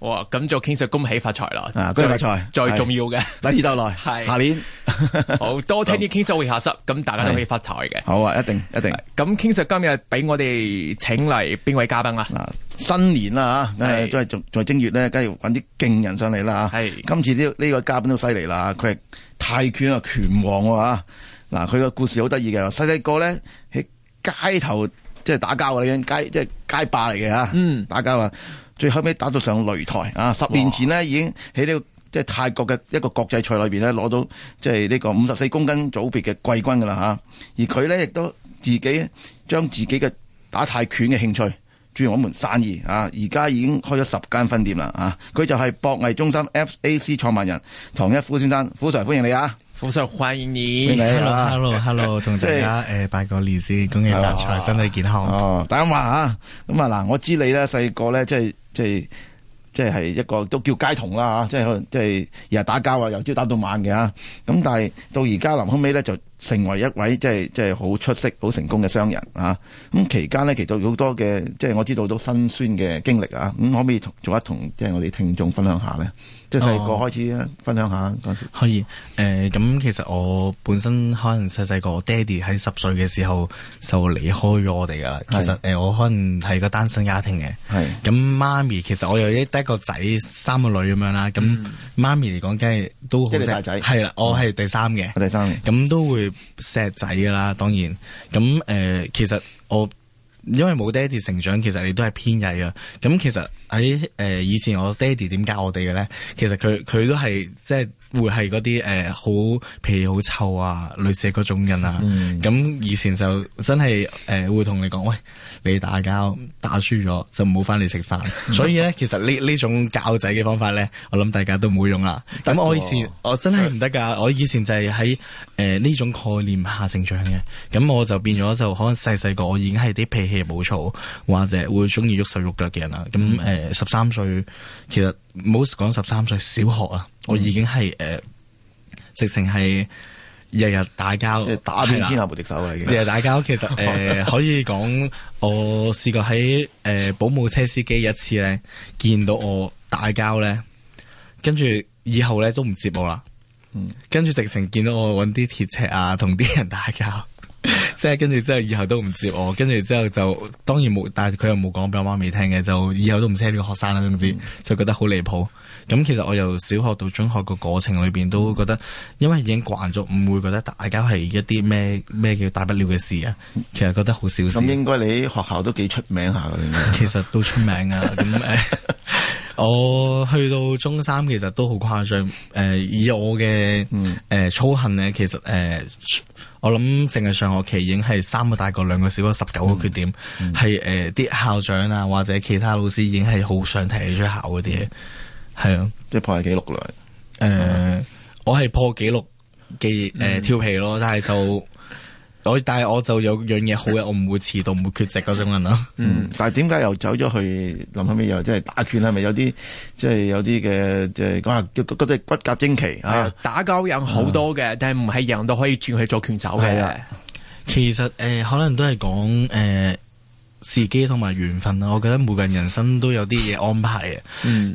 哇！咁就 King Sir，恭喜發財啦！啊，恭喜發財，最，是最重要嘅，禮義到來，係下，是下年 好多聽啲 King Sir 會客室，咁大家都可以發財嘅。好啊，一定一定。咁 King Sir 今日俾我哋請嚟邊位嘉賓啦？嗱，新年啦、啊、嚇，都係仲在正月咧，梗係要揾啲勁人上嚟啦嚇。係是今次呢呢個嘉賓都犀利啦，佢係泰拳啊拳王啊嗱，佢、啊、嘅故事好得意嘅，細細個咧喺街頭即係、就是、打交啊，已、就、經、是，街即係街霸嚟嘅嚇。嗯、like,，打交啊！ 最後尾打到上擂台啊！十年前咧，已經喺呢個即係泰國嘅一個國際賽裏邊咧，攞到即係呢個五十四公斤組別嘅季軍噶啦嚇。而佢呢亦都自己將自己嘅打泰拳嘅興趣轉為一門生意啊！而家已經開咗十間分店啦啊！佢就係搏藝中心 FAC 創辦人唐壹孚先生，非常歡迎你啊！非常歡迎你，hello hello hello 同，呃、大家誒拜個年先，恭喜發財，身體健康。大家話啊，咁啊嗱，嗯、łem，我知你咧細個咧即係即係即係係一個都叫街童啦吓，即係即係日日打交啊，由朝打到晚嘅啊。咁但係到而家臨後尾咧就成為一位即係即係好出色、好成功嘅商人啊。咁期間呢，其實好多嘅即係我知道都辛酸嘅經歷啊。咁可唔可以同做一同即係我哋聽眾分享下呢？即係細個開始分享下，哦。可以誒，咁、呃、其實我本身可能細細個，爹哋喺十歲嘅時候就離開咗我哋噶啦。是其實誒、呃，我可能係個單身家庭嘅。係是。咁媽咪其實我有一得個仔三個女咁樣啦。咁媽咪嚟講，梗係都好錫仔。係啦，我係第三嘅。第三，嗯。咁都會錫仔噶啦，當然。咁誒、呃，其實我。因為冇爹哋成長，其實你都係偏曳噶。咁其實喺誒以前，我爹哋點教我哋嘅咧，其實佢佢都係即係。會係嗰啲誒好皮好臭啊，類似嗰種人啊。咁、嗯、以前就真係誒會同你講，喂，你打跤打輸咗就唔好翻嚟食飯。 所以咧，其實呢呢種教仔嘅方法咧，我諗大家都唔好用啦。咁的我以前我真係唔得噶，是我以前就係喺誒呢種概念下成長嘅。咁我就變咗就可能細細個我已經係啲脾氣暴躁，或者會中意喐手喐腳嘅人啦。咁誒、嗯，十三歲其實。唔好講十三歲，小學啊，嗯、我已經係誒、呃，直情係日日打交，打遍天下無敵手啦！日日打交，其實誒、呃，可以講我試過喺誒、呃、保姆車司機一次咧，見到我打交咧，跟住以後咧都唔接我啦。嗯，跟住直情見到我揾啲鐵尺啊，同啲人打交。即係跟住之後，以後都唔接我。跟住之後就當然冇，但係佢又冇講俾我媽咪聽嘅，就以後都唔識呢個學生啦。總之就覺得好離譜。咁其實我由小學到中學個過程裏邊，都覺得因為已經慣咗，唔會覺得大家係一啲咩咩叫大不了嘅事啊。其實覺得好小事。咁應該你學校都幾出名下，其實都出名啊。咁誒、 呃，我去到中三其、呃呃，其實都好誇張。誒，以我嘅誒操行咧，其實誒，我諗淨係上學期已經係三個大過兩個小過十九個缺點，係誒啲校長啊或者其他老師已經係好想踢你出校嗰啲嘢。係啊，即係破下紀錄咯。誒，我係破紀錄嘅誒調皮咯，但係就 我但係我就有樣嘢好嘅，我唔會遲到，唔 會缺席嗰種人咯。 嗯，但係點解又走咗去林後尾又即係打拳咧？咪有啲即係有啲嘅即係講下叫嗰隻骨骼精奇啊！啊打交、啊、人好多嘅，但係唔係贏到可以轉去做拳手嘅。啊、其實誒、呃，可能都係講誒。呃時機同埋緣分啦，我覺得每個人人生都有啲嘢安排嘅。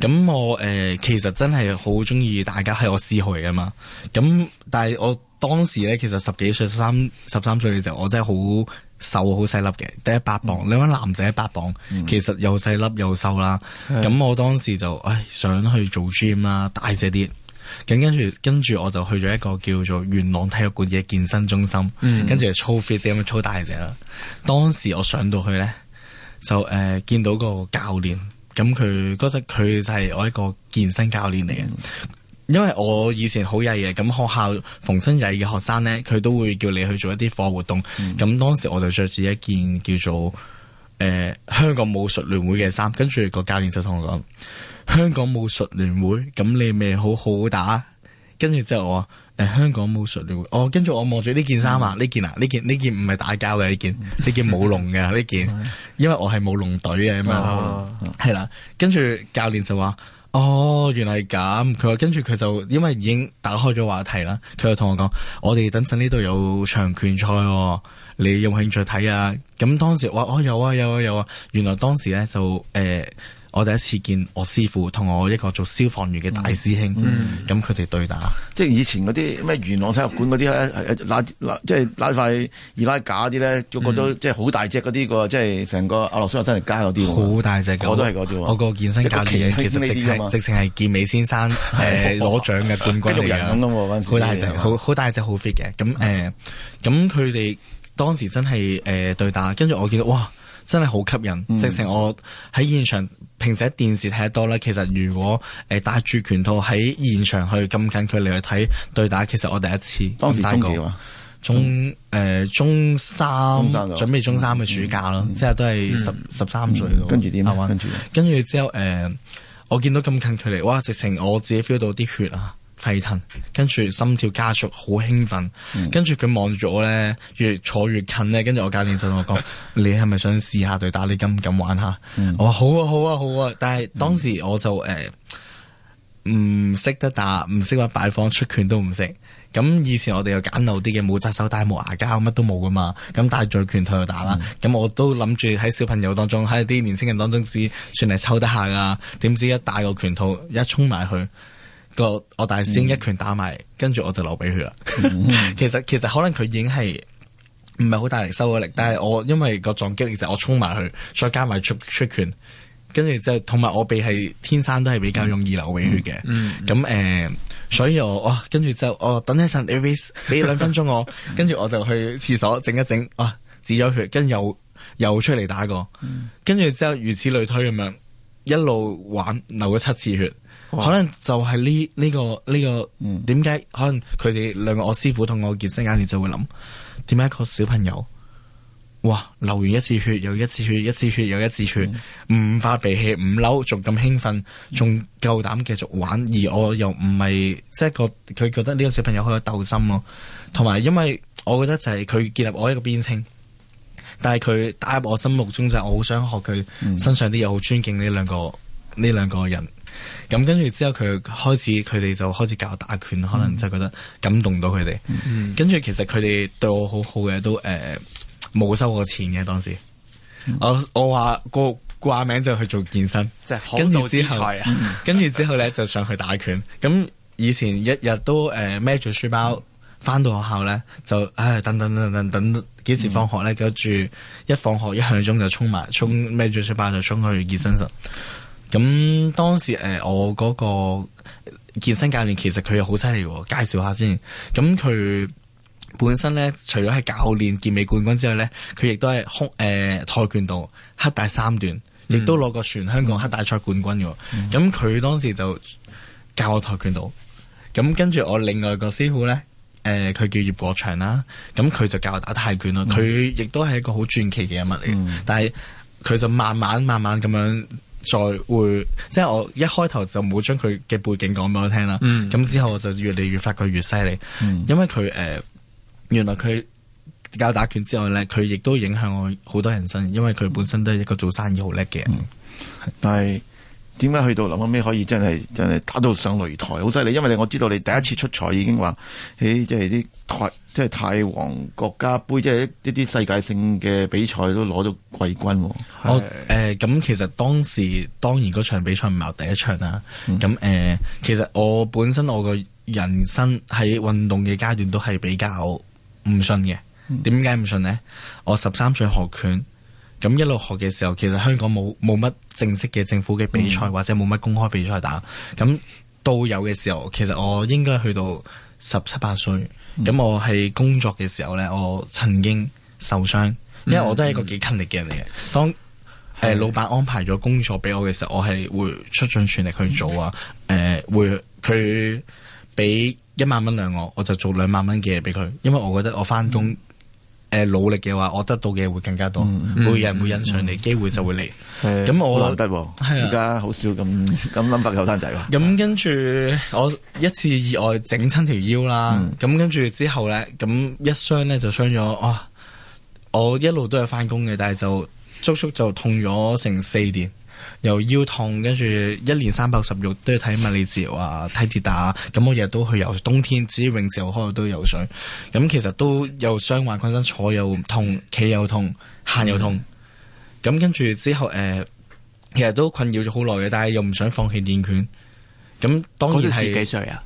咁、嗯、我誒、呃、其實真係好中意大家係我師父嚟噶嘛。咁但係我當時咧，其實十幾歲、十三十三歲嘅時候，我真係好瘦、好細粒嘅，得一百磅。嗯、你揾男仔一百磅，其實又細粒又瘦啦。咁、嗯、我當時就誒想去做 gym 啦，大隻啲。咁跟住跟住我就去咗一個叫做元朗體育館嘅健身中心，嗯、跟住操 fit 啲咁操大隻啦。當時我上到去咧，就誒、呃、見到個教練，咁佢嗰陣佢就係我一個健身教練嚟嘅，嗯、因為我以前好曳嘅，咁學校逢親曳嘅學生呢，佢都會叫你去做一啲課活動，咁、嗯、當時我就着住一件叫做誒香港武術聯會嘅衫，跟住個教練就同我講，香港武術聯會，咁你咪好好打，跟住之後我。誒，香港武術聯會，跟住我望住呢件衫啊，呢件啊，呢件呢件唔係打交嘅呢件，呢件舞龍嘅呢件，因為我係舞龍隊嘅嘛，係啦，跟住教練就話，哦，原來係咁，佢話跟住佢就因為已經打開咗話題啦，佢就同我講，我哋等陣呢度有場拳賽，哦，你有冇興趣睇啊？咁當時話，哦，有啊，有啊，有啊，有啊，原來當時咧就誒。呃我第一次見我師傅同我一個做消防員嘅大師兄，咁佢哋對打，即係以前嗰啲咩元朗體育館嗰啲咧，即係拉塊二拉架啲咧，就覺得即係好大隻嗰啲個，即係成個阿諾舒華辛力加嗰啲，好大隻個我都係嗰啲喎。我個健身教練，其實直情直情係健美先生攞獎嘅冠軍嚟嘅，好大隻，好好大隻，好 fit 嘅。咁誒咁佢哋當時真係誒對打，跟住我見到哇，真係好吸引，直情我喺現場。平時喺電視睇得多啦，其實如果誒、呃、戴住拳套喺現場去咁近距離去睇對打，其實我第一次。當時、啊嗯、中學，中、呃、誒中三，中三準備中三嘅暑假咯，嗯、即係都係十、嗯、十三歲、嗯。跟住點？係、啊、跟住，跟住之後誒、呃，我見到咁近距離，哇！直情我自己 feel 到啲血啊！氣騰，跟住心跳加速，好興奮。跟住佢望住我呢，越坐越近呢，跟住我教練就同我講， 你係咪想試下對打？你敢唔敢玩下？嗯、我話好啊，好啊，好啊。但係當時我就誒唔識得打，唔識話擺放出拳都唔識。咁以前我哋又簡陋啲嘅，冇紮手帶，冇牙膠，乜都冇噶嘛。咁帶住拳套去打啦。咁、嗯、我都諗住喺小朋友當中，喺啲年輕人當中，只算係抽得下噶。點知一帶個拳套，一衝埋去。個我大師兄一拳打埋，跟住我就流鼻血啦。 其實其實可能佢已經係唔係好大力收咗力，但係我因為個撞擊，力，就是、我衝埋去，再加埋出出拳，跟住之後同埋我鼻係天生都係比較容易流鼻血嘅。咁誒 ，uh, 所以我哇，跟住之後我等一陣，你俾兩分鐘我，跟住我就去廁所整一整，啊、哦、止咗血，跟住又又出嚟打過，跟住之後如此類推咁樣一路玩，流咗七次血。可能就係呢呢個呢、這個點解可能佢哋兩個我師傅同我健身教練就會諗點解一個小朋友哇流完一次血又一次血一次血又一次血唔、嗯、發脾氣唔嬲仲咁興奮仲夠膽繼續玩而我又唔係即係覺佢覺得呢個小朋友好有鬥心咯同埋因為我覺得就係佢建立我一個邊稱但係佢打入我心目中就係我好想學佢身上啲嘢好尊敬呢兩個呢、嗯嗯、兩個人。咁、嗯、跟住之後，佢開始佢哋、嗯、就開始教打拳，嗯、可能就係覺得感動到佢哋。嗯、跟住其實佢哋對我好好嘅，都誒冇、呃、收過錢嘅當時。嗯、我我話個掛名就去做健身，即係可造之材、啊、跟住之後咧就上去打拳。咁、嗯、以前日日都誒孭住書包翻到學校咧就唉等等等等等，幾時放學咧？跟住一放學一向中就衝埋衝孭住書包就衝去健身室。咁當時誒，我嗰個健身教練其實佢又好犀利喎，介紹下先。咁佢本身咧，除咗係教練健美冠軍之外咧，佢亦都係空誒跆拳道黑帶三段，亦都攞過全香港黑帶賽冠軍嘅。咁佢、嗯嗯、當時就教我跆拳道。咁跟住我另外個師傅咧，誒、呃、佢叫葉國祥啦。咁佢就教我打泰拳咯。佢亦都係一個好傳奇嘅人物嚟嘅。嗯、但係佢就慢慢慢慢咁樣。再會，即係我一開頭就冇將佢嘅背景講俾我聽啦。咁、嗯、之後我就越嚟越發覺越犀利，嗯、因為佢誒、呃、原來佢教打拳之外呢，佢亦都影響我好多人生，因為佢本身都係一個做生意好叻嘅人，嗯、但係。點解去到諗下咩，可以真係真係打到上擂台，好犀利！因為咧，我知道你第一次出賽已經話，誒、哎，即係啲泰即係泰皇國家杯，即、就、係、是、一啲世界性嘅比賽都攞到季軍。我誒，咁、呃，其實當時當然嗰場比賽唔係第一場啦。咁誒、嗯呃，其實我本身我個人生喺運動嘅階段都係比較唔信嘅。點解唔信呢？我十三歲學拳。咁一路學嘅時候，其實香港冇冇乜正式嘅政府嘅比賽，嗯、或者冇乜公開比賽打。咁到有嘅時候，其實我應該去到十七八歲。咁、嗯、我喺工作嘅時候呢，我曾經受傷，因為我都係一個幾勤力嘅人嚟嘅。嗯、當誒、呃、的老闆安排咗工作俾我嘅時候，我係會出盡全力去做啊。誒 Okay.、呃，會佢俾一萬蚊兩我，我就做兩萬蚊嘅嘢俾佢，因為我覺得我返工、嗯。誒努力嘅話，我得到嘅會更加多。嗯、每人會欣賞你，嗯、機會就會嚟。咁的我唔得喎、啊，而家好少咁咁諗白後生仔喎。咁跟住 我一次意外整親條腰啦，咁 跟住之後咧，咁一傷咧就傷咗。哇、啊！我一路都有翻工嘅，但係就足足就痛咗成四年。又腰痛，跟住一年三百六十五都要睇物理治療啊，睇跌打、啊。咁我日日都去游，冬天至於自己泳池又開，都游水。咁其實都有傷患，困身、坐又痛、企又痛、行又痛。咁跟住之後，誒、呃，其實都困擾咗好耐嘅，但係又唔想放棄練拳。咁當然係幾歲啊？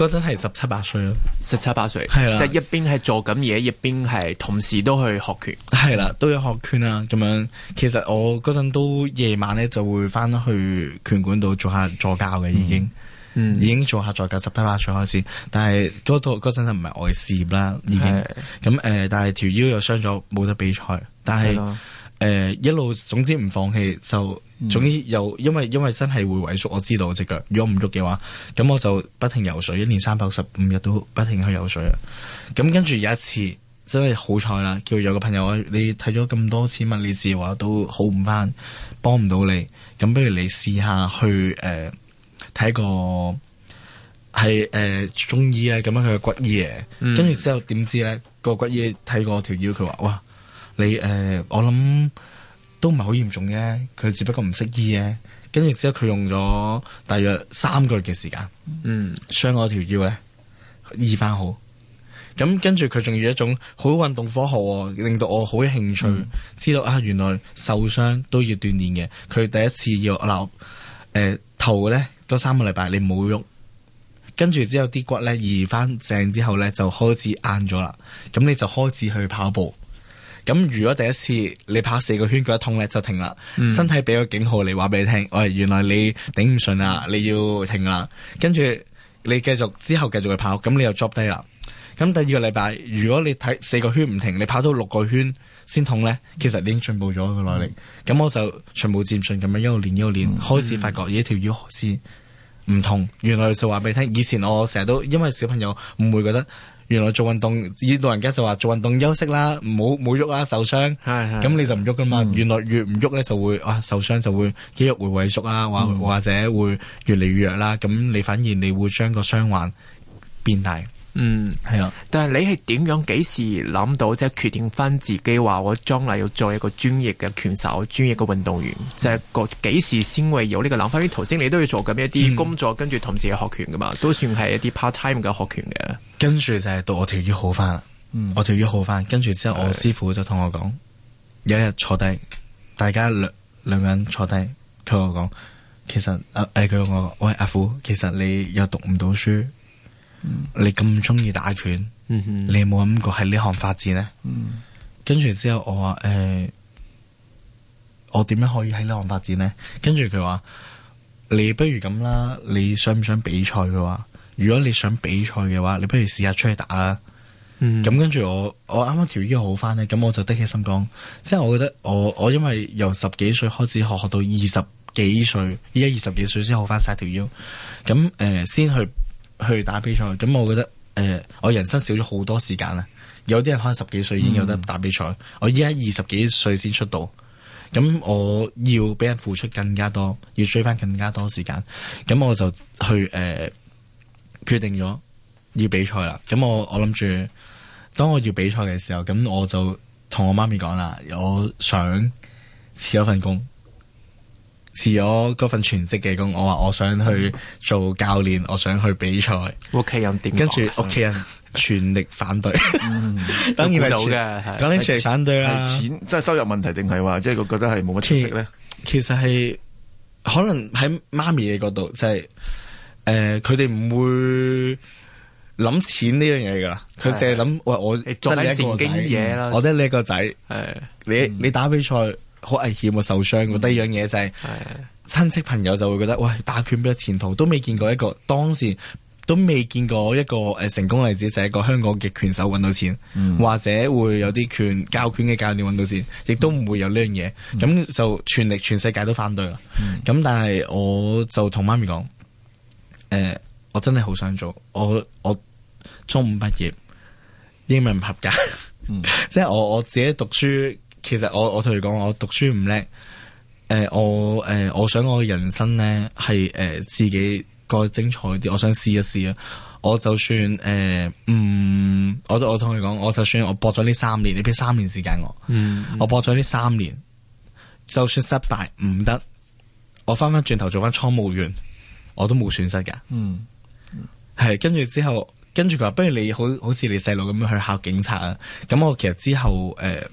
嗰陣係十七八歲咯，十七八歲，係啦，即係一邊係做緊嘢，一邊係同時都去學拳，係啦，都有學拳啦咁樣。其實我嗰陣都夜晚咧就會翻去拳館度做下助教嘅，已經，嗯，已經做下助教，十七八歲開始，但係嗰陣就唔係我嘅事業啦，已經咁誒係啦、呃，但係條腰又傷咗，冇得比賽，但係誒係啦、呃、一路總之唔放棄就。總之又因為因為真係會萎縮，我知道隻腳。如果唔喐嘅話，咁我就不停游水，一年三百六十五日都不停去游水啊！咁跟住有一次真係好彩啦，叫有個朋友，你睇咗咁多次物理治療都好唔翻，幫唔到你。咁不如你試下去誒睇、呃、個係誒、呃、中醫咧、啊，咁樣佢嘅骨醫。嗯。跟住之後點知咧，個骨醫睇過條腰，佢話：哇，你誒、呃，我諗。都唔係好嚴重嘅，佢只不過唔識醫嘅，跟住之後佢用咗大約三個月嘅時間，傷我條腰呢醫翻好。咁跟住佢仲要一種好運動科學、哦，令到我好有興趣、嗯、知道啊，原來受傷都要鍛煉嘅。佢第一次要留誒、呃、頭呢，都三個禮拜你冇喐，跟住之後啲骨呢，移翻正之後呢，就開始硬咗啦。咁你就開始去跑步。咁如果第一次你跑四個圈覺得、那個、痛咧，就停啦，嗯、身體俾個警號你話俾你聽，喂，原來你頂唔順啦，你要停啦。跟住你繼續之後繼續去跑，咁你又 drop 低啦。咁第二個禮拜，如果你睇四個圈唔停，你跑到六個圈先痛呢，其實已經進步咗個耐力。咁、嗯、我就全部漸進咁樣一路練一路練，嗯、開始發覺呢條腰線唔同？」原來就話俾你聽，以前我成日都因為小朋友唔會覺得。原來做運動，啲老人家就話做運動休息啦，唔好唔喐啦，受傷。咁係係 你就唔喐㗎嘛。嗯、原來越唔喐咧，就會啊受傷就會肌肉會萎縮啦，或或者會越嚟越弱啦。咁、嗯、你反而你會將個傷患變大。嗯，係啊，但係你係點樣？幾時諗到即係決定翻，自己話我將來要做一個專業嘅拳手，專業嘅運動員？即係個幾時先會有呢個諗法？啲頭先你都要做緊一啲工作，嗯、跟住同時學拳㗎嘛，都算係一啲 part time 嘅學拳嘅，嗯。跟住就係我條腰好翻啦，我條腰好翻，跟住之後我師傅就同我講，是有一日坐低，大家兩兩人坐低，佢我講，其實誒佢，啊哎，我我喂，阿孚，其實你又讀唔到書。你咁中意打拳，你有冇諗過喺呢、嗯欸、行發展呢？跟住之後我話誒，我點樣可以喺呢行發展呢？跟住佢話你不如咁啦，你想唔想比賽？嘅話如果你想比賽嘅話，你不如試下出去打啦。咁、嗯、跟住我，我啱啱條腰好翻呢，咁我就得起心肝，即係我覺得我我因為由十幾歲開始學學到二十幾歲，依家二十幾歲先好翻曬條腰，咁誒、呃、先去。去打比賽，咁我覺得，誒、呃，我人生少咗好多時間啦。有啲人可能十幾歲已經有得打比賽，mm hmm. 我依家二十幾歲先出道，咁我要俾人付出更加多，要追翻更加多時間，咁我就去誒、呃、決定咗要比賽啦。咁我我諗住，mm hmm. 當我要比賽嘅時候，咁我就同我媽咪講啦，我想辭咗份工。辭咗嗰份全職嘅工，我話我想去做教練，我想去比賽。屋企人點？跟住屋企人全力反對。嗯，當然係全力反對啦、啊。錢即係、就是、收入問題，定係話即係佢覺得係冇乜出息咧？其實係可能喺媽咪嘅角度，即係誒，佢哋唔會諗錢呢樣嘢噶啦。佢淨係諗喂，我做你一個仔，我得你一個仔，係你你打比賽。好危險啊！受傷嘅第二樣嘢就係、是、親的戚朋友就會覺得喂，打拳比冇前途，都未見過一個當時都未見過一個誒成功例子，就係、是、一個香港嘅拳手揾到錢，嗯、或者會有啲拳教拳嘅教練揾到錢，亦都唔會有呢、嗯、樣嘢。咁就全力全世界都反對啦。咁、嗯、但係我就同媽咪講，誒、呃，我真係好想做。我我中五畢業英文唔合格，即係、嗯、 我我自己讀書。其實我我同你講，我讀書唔叻，誒、呃，我誒、呃，我想我嘅人生咧係誒自己個精彩啲，我想試一試啊。我就算誒、呃，嗯，我我同你講，我就算我搏咗呢三年，你俾三年時間我，嗯，我搏咗呢三年，就算失敗唔得，我翻翻轉頭做翻倉務員，我都冇損失噶。嗯，係跟住之後，跟住佢話，不如你好好似你細路咁樣去考警察啊。咁我其實之後誒。呃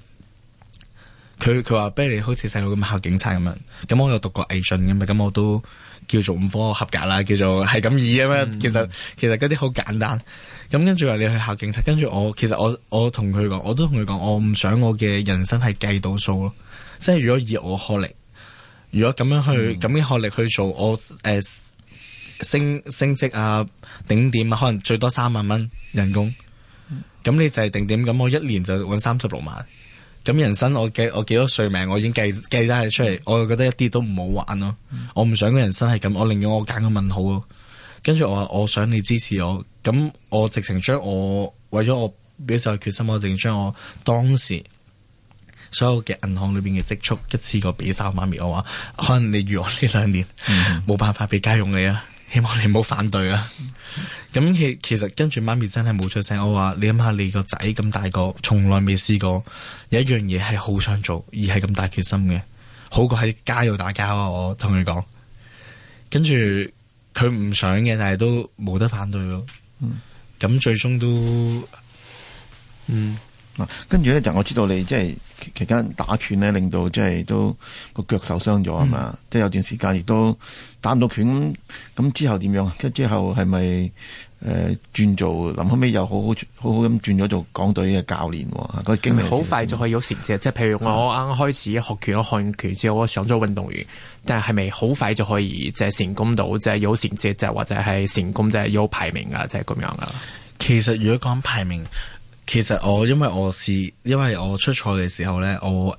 佢佢話俾你好似細路咁考警察咁樣，咁我又讀過藝訓嘅嘛，咁我都叫做五科合格啦，叫做係咁意啊嘛。其實其實嗰啲好簡單，咁跟住話你去考警察，跟住我其實我我同佢講，我都同佢講，我唔想我嘅人生係計到數咯，即係如果以我學歷，如果咁樣去咁嘅、嗯、學歷去做我，我、欸、誒升升職啊頂點啊，可能最多三萬蚊人工，咁、嗯、你就係頂點咁，我一年就搵三十六萬。咁人生我幾我幾多歲命我已經計計得係出嚟，我又覺得一啲都唔好玩咯、嗯。我唔想個人生係咁，我寧願我揀個問號咯。跟住我話我想你支持我，咁我直情將我為咗我表示決心，我直將我當時所有嘅銀行裏邊嘅積蓄一次過俾晒媽咪。我話可能你預我呢兩年冇、嗯、哼辦法俾家用你啊。希望你唔好反對啊、 嗯！咁、嗯、其其實跟住媽咪真係冇出聲，我話你諗下你個仔咁大個，從來未試過有一樣嘢係好想做而係咁大決心嘅，好過喺街度打交啊！我同佢講，跟住佢唔想嘅，但係都冇得反對咯。嗯，咁最終都，嗯。跟住咧就我知道你即係期間打拳咧，令到即係都個、嗯、腳受傷咗啊嘛！嗯、即係有段時間亦都打唔到拳咁，咁之後點樣？跟之後係咪誒轉做臨、嗯、後尾又好好好好咁轉咗做港隊嘅教練？個經歷好快就可以有成績，即係譬如我啱啱開始學拳、啊、學漢拳之後，我上咗運動員，但係係咪好快就可以即係成功到？即係有成績，就或者係成功，即係有排名啊？即係咁樣啊？其實如果講排名。其實我因為我是因為我出賽嘅時候呢，我誒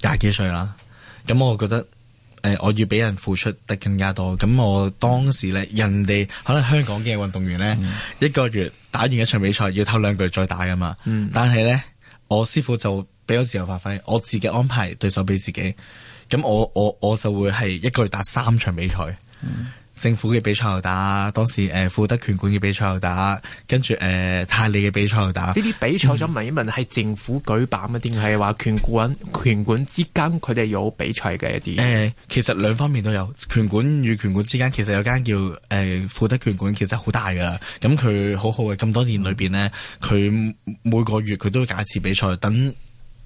廿幾歲啦，咁、呃、我覺得誒、呃、我要俾人付出得更加多。咁我當時呢，人哋可能香港嘅運動員呢，嗯、一個月打完一場比賽要唞兩個月再打噶嘛。嗯、但係呢，我師傅就俾我自由發揮，我自己安排對手俾自己。咁我我我就會係一個月打三場比賽。嗯政府嘅比賽又打，當時誒、呃、富德拳館嘅比賽又打，跟住誒、呃、泰利嘅比賽又打。呢啲比賽我想問一問係政府舉辦嘅定係話拳館拳館之間佢哋有比賽嘅一啲？誒、呃，其實兩方面都有，拳館與拳館之間其實有間叫誒、呃、富德拳館，其實好大㗎。咁佢好好嘅咁多年裏邊呢，佢每個月佢都會搞一次比賽等。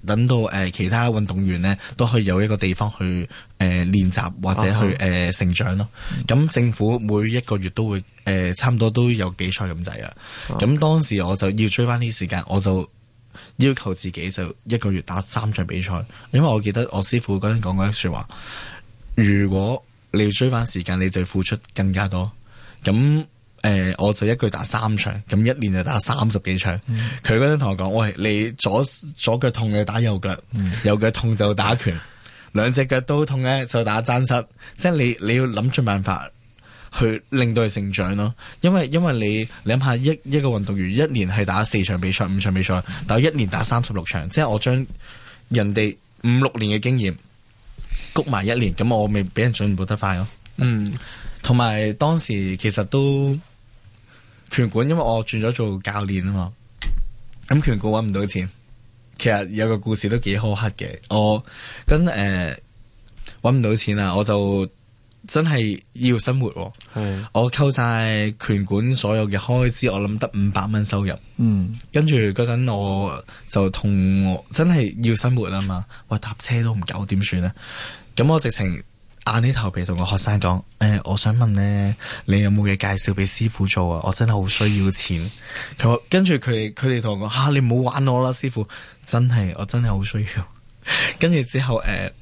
等到誒、呃、其他運動員咧，都可以有一個地方去誒、呃、練習或者去誒成長咯。咁、呃 uh huh. 呃、政府每一個月都會誒、呃、差唔多都有比賽咁滯啊。咁、uh huh. 當時我就要追翻啲時間，我就要求自己就一個月打三場比賽，因為我記得我師傅嗰陣講過一句話：如果你要追翻時間，你就付出更加多咁。誒，我就一句打三場，咁一年就打三十幾場。佢嗰陣同我講：喂，你左左腳痛你打右腳，嗯、右腳痛就打拳，兩隻腳都痛咧就打爭執。即係你你要諗盡辦法去令到佢成長咯。因為因為你你諗下一一,一個運動員一年係打四場比賽、五場比賽，嗯、但係一年打三十六場，即係我將人哋五六年嘅經驗谷埋一年，咁我未比人進步得快咯。嗯，同埋當時其實都。拳館因為我轉咗做教練啊嘛，咁拳館揾唔到錢，其實有個故事都幾苛刻嘅，我跟誒揾唔到錢啊，我就真係要生活，係、嗯、我扣晒拳館所有嘅開支，我諗得五百蚊收入，嗯，跟住嗰陣我就同我真係要生活啊嘛，喂搭車都唔夠，點算呢？咁我直情。硬起頭皮同個學生講：誒、欸，我想問咧，你有冇嘢介紹俾師傅做啊？我真係好需要錢。佢跟住佢，佢哋同我講：吓、啊，你唔好玩我啦，師傅，真係，我真係好需要。跟住之後，誒、欸，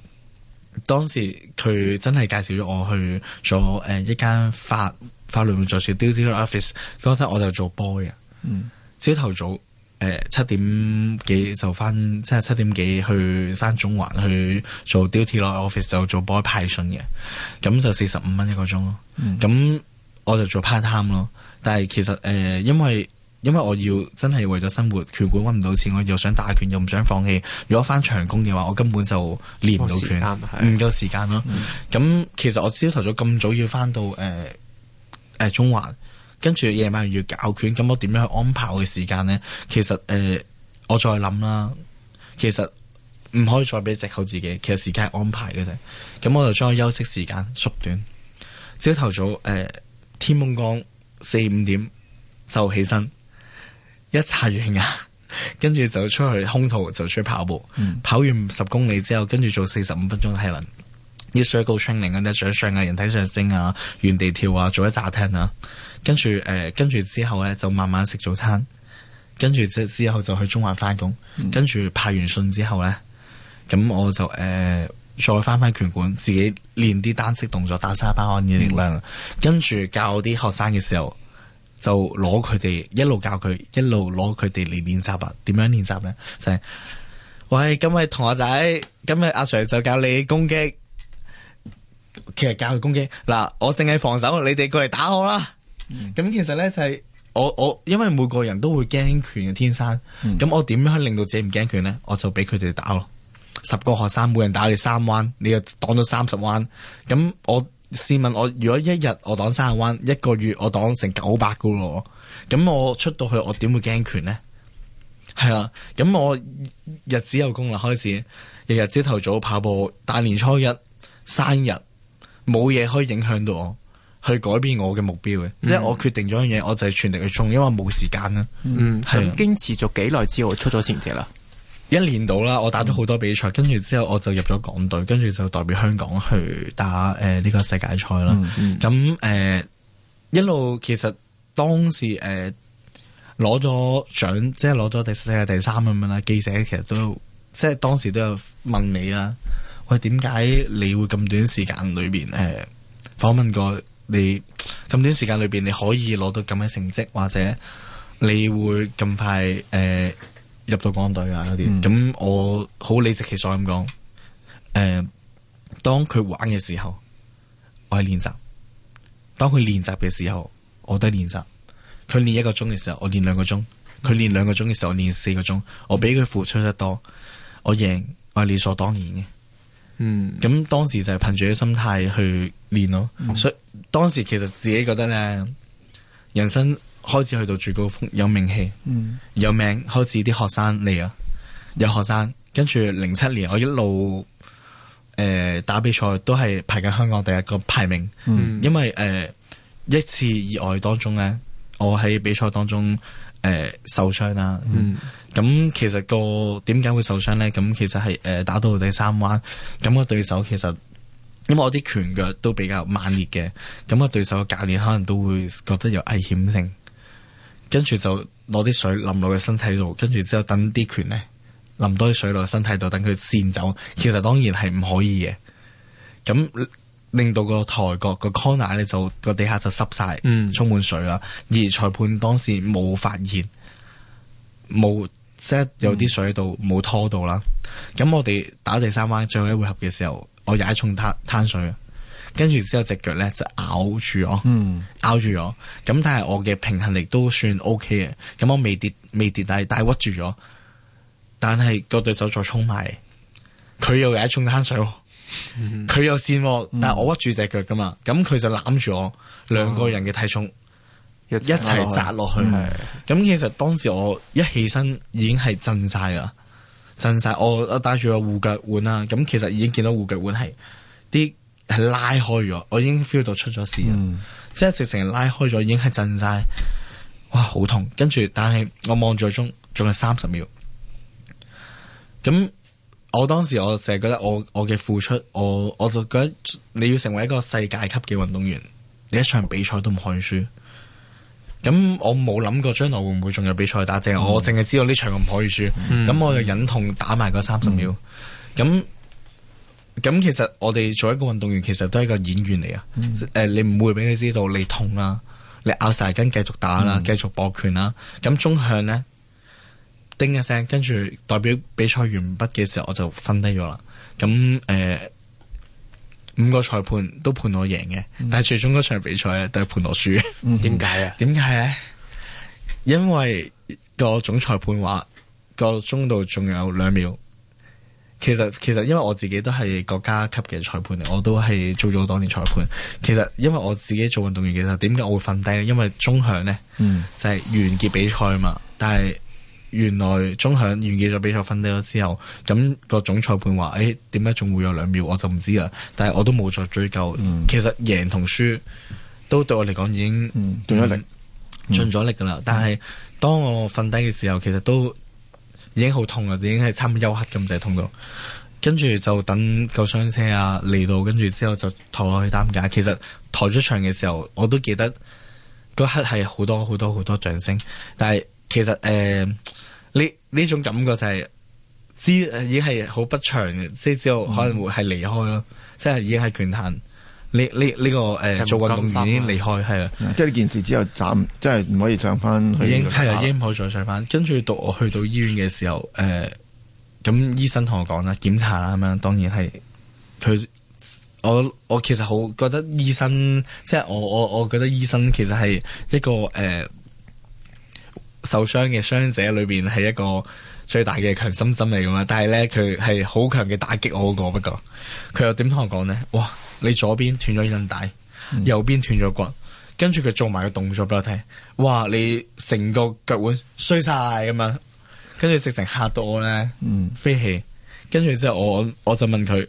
當時佢真係介紹咗我去咗誒、欸、一間法法律援助啲啲 office，嗰陣我就做 boy 啊。嗯，朝頭早。誒，七點幾就返，即係七點幾去返中環去做 duty office，就做 boy 派信嘅，咁就四十五蚊一個鐘咯。咁、嗯、我就做 part time 咯。但係其實誒、呃，因為因為我要真係為咗生活，拳館搵唔到錢，我又想打拳又唔想放棄。如果返長工嘅話，我根本就練唔到拳，唔夠、哦、時間咯。咁、嗯、其實我朝頭早咁早要返到誒誒、呃呃、中環。跟住夜晚要教拳，咁我點樣去安排我嘅時間呢？其實誒、呃，我再諗啦，其實唔可以再俾借口自己，其實時間係安排嘅啫。咁我就將休息時間縮短，朝頭早誒、呃，天蒙光四五點就起身，一擦完牙， 跟住就出去空肚就出去跑步。嗯、跑完十公里之後，跟住做四十五分鐘體能。熱水高清 r a i n 啊，你早上啊，人體上升啊，原地跳啊，做一雜廳啊，跟住誒、呃，跟住之後咧就慢慢食早餐，跟住即之後就去中環翻工，嗯、跟住派完信之後咧，咁我就誒、呃、再翻翻拳館，自己練啲單式動作，打曬包班嘅力量，嗯、跟住教啲學生嘅時候就攞佢哋一路教佢一路攞佢哋嚟練習啊，點樣練習咧就係、是、喂今日同學仔，今日阿 Sir 就教你攻擊。其實教佢攻擊嗱，我淨係防守，你哋過嚟打我啦。咁、嗯、其實呢、就是，就係我我因為每個人都會驚拳嘅天生，咁、嗯、我點樣令到自己唔驚拳呢？我就俾佢哋打咯。十個學生每人打你三彎，你又擋到三十彎。咁我試問，我如果一日我擋三十彎，一個月我擋成九百個咯。咁我出到去，我點會驚拳呢？係啦，咁我日子有功啦，開始日日朝頭早跑步。大年初一生日。冇嘢可以影響到我，去改變我嘅目標嘅，嗯、即係我決定咗樣嘢，我就係全力去衝，因為冇時間啦。嗯，咁經是持續幾耐之後出，出咗成績啦，一年到啦，我打咗好多比賽，跟住、嗯、之後我就入咗港隊，跟住就代表香港去打誒呢、呃這個世界賽啦。咁誒、嗯嗯呃、一路其實當時誒攞咗獎，即係攞咗世界第三咁樣啦。記者其實都即係當時都有問你啦。喂，點解你會咁短時間裏邊誒訪問過你咁短時間裏邊你可以攞到咁嘅成績，或者你會咁快誒、呃、入到港隊啊嗰啲？咁、嗯、我好理直氣壯咁講，誒、呃，當佢玩嘅時候，我係練習；當佢練習嘅時候，我都係練習。佢練一個鐘嘅時候，我練兩個鐘；佢練兩個鐘嘅時候，我練四個鐘。我比佢付出得多，我贏我係理所當然嘅。嗯，咁當時就係憑住啲心態去練咯，嗯、所以當時其實自己覺得呢，人生開始去到最高峰，有名氣，嗯、有名，開始啲學生嚟啊，有學生，跟住零七年我一路，誒、呃、打比賽都係排緊香港第一個排名，嗯、因為誒、呃、一次意外當中呢，我喺比賽當中誒、呃、受傷啦。嗯嗯咁其實、個點解會受傷呢？咁其實係誒、呃、打到第三彎咁個對手，其實因為我啲拳腳都比較猛烈嘅，咁個對手嘅教練可能都會覺得有危險性，跟住就攞啲水淋落佢身體度，跟住之後等啲拳呢，淋多啲水落個身體度，等佢散走。其實當然係唔可以嘅，咁令到個台角個 corner 咧就個地下就濕晒，嗯、充滿水啦。而裁判當時冇發現，冇。即係有啲水喺度，冇拖到啦。咁、嗯、我哋打第三彎，最後一回合嘅時候，我踩重攤攤水，跟住之後隻腳咧就咬住我，咬住我。咁、嗯、但係我嘅平衡力都算 OK 嘅。咁我未跌，未跌低，但係屈住咗。但係個對手再衝埋嚟，佢又有一重攤水，佢、嗯、又跣，但係我屈住隻腳噶嘛。咁佢就攬住我，兩個人嘅體重。嗯嗯一齊砸落去，咁、嗯、其實當時我一起身已經係震晒啦，震晒，我我戴住個護腳腕啦，咁其實已經見到護腳腕係啲係拉開咗，我已經 feel 到出咗事，嗯、即係直成拉開咗，已經係震晒，哇好痛！跟住，但係我望住鐘，仲係三十秒。咁我當時我成日覺得我我嘅付出，我我就覺得你要成為一個世界級嘅運動員，你一場比賽都唔可以輸。咁我冇諗過將來會唔會仲有比賽打，正、嗯、我淨係知道呢場唔可以輸，咁、嗯、我就忍痛打埋嗰三十秒。咁咁、嗯、其實我哋做一個運動員，其實都係個演員嚟啊。誒、嗯呃，你唔會俾你知道你痛啦，你拗晒筋繼續打啦，繼、嗯、續搏拳啦。咁鐘響呢，叮一聲，跟住代表比賽完畢嘅時候，我就瞓低咗啦。咁誒。呃五個裁判都判我贏嘅，嗯、但係最終嗰場比賽咧，都係判我輸。點解啊？點解咧？因為個總裁判話個鐘度仲有兩秒。其實其實因為我自己都係國家級嘅裁判嚟，我都係做咗多年裁判。嗯、其實因為我自己做運動員，其實點解我會瞓低咧？因為鐘響咧，嗯、就係完結比賽啊嘛。但係。原來鐘響完結咗比賽，瞓低咗之後，咁個總裁判話，誒，點解仲會有兩秒？我就唔知啦。但係我都冇再追究。嗯、其實贏同輸都對我嚟講已經盡咗，嗯、力，嗯、盡咗力噶啦。嗯、但係當我瞓低嘅時候，其實都已經好痛啦，已經係差唔多休克咁滯痛到。跟住就等救傷車啊嚟到，跟住之後就抬落去擔架。其實抬出場嘅時候，我都記得嗰刻係好多好多好多掌聲。但係其實誒。呃呢種感覺就係、是、知已經係好不祥嘅，即係之後可能會係離開咯，嗯、即係已經係權限。呢呢呢個誒、呃、做運動員已經離開係啦，即係呢件事之後暫即係唔可以上翻。已經係啦，已經唔可以再上翻。跟住到我去到醫院嘅時候，誒、呃、咁醫生同我講啦，檢查啦咁樣，當然係佢我我其實好覺得醫生即係我我我覺得醫生其實係一個誒。呃嗯受傷嘅傷者裏邊係一個最大嘅強心針嚟噶嘛，但係咧佢係好強嘅打擊我嗰，那個，不過佢又點同我講咧？哇！你左邊斷咗韌帶，嗯、右邊斷咗骨，跟住佢做埋個動作俾我聽。哇！你成個腳腕衰晒咁樣，跟住直成吓到我咧。嗯，飛起，跟住之後我我就問佢，誒、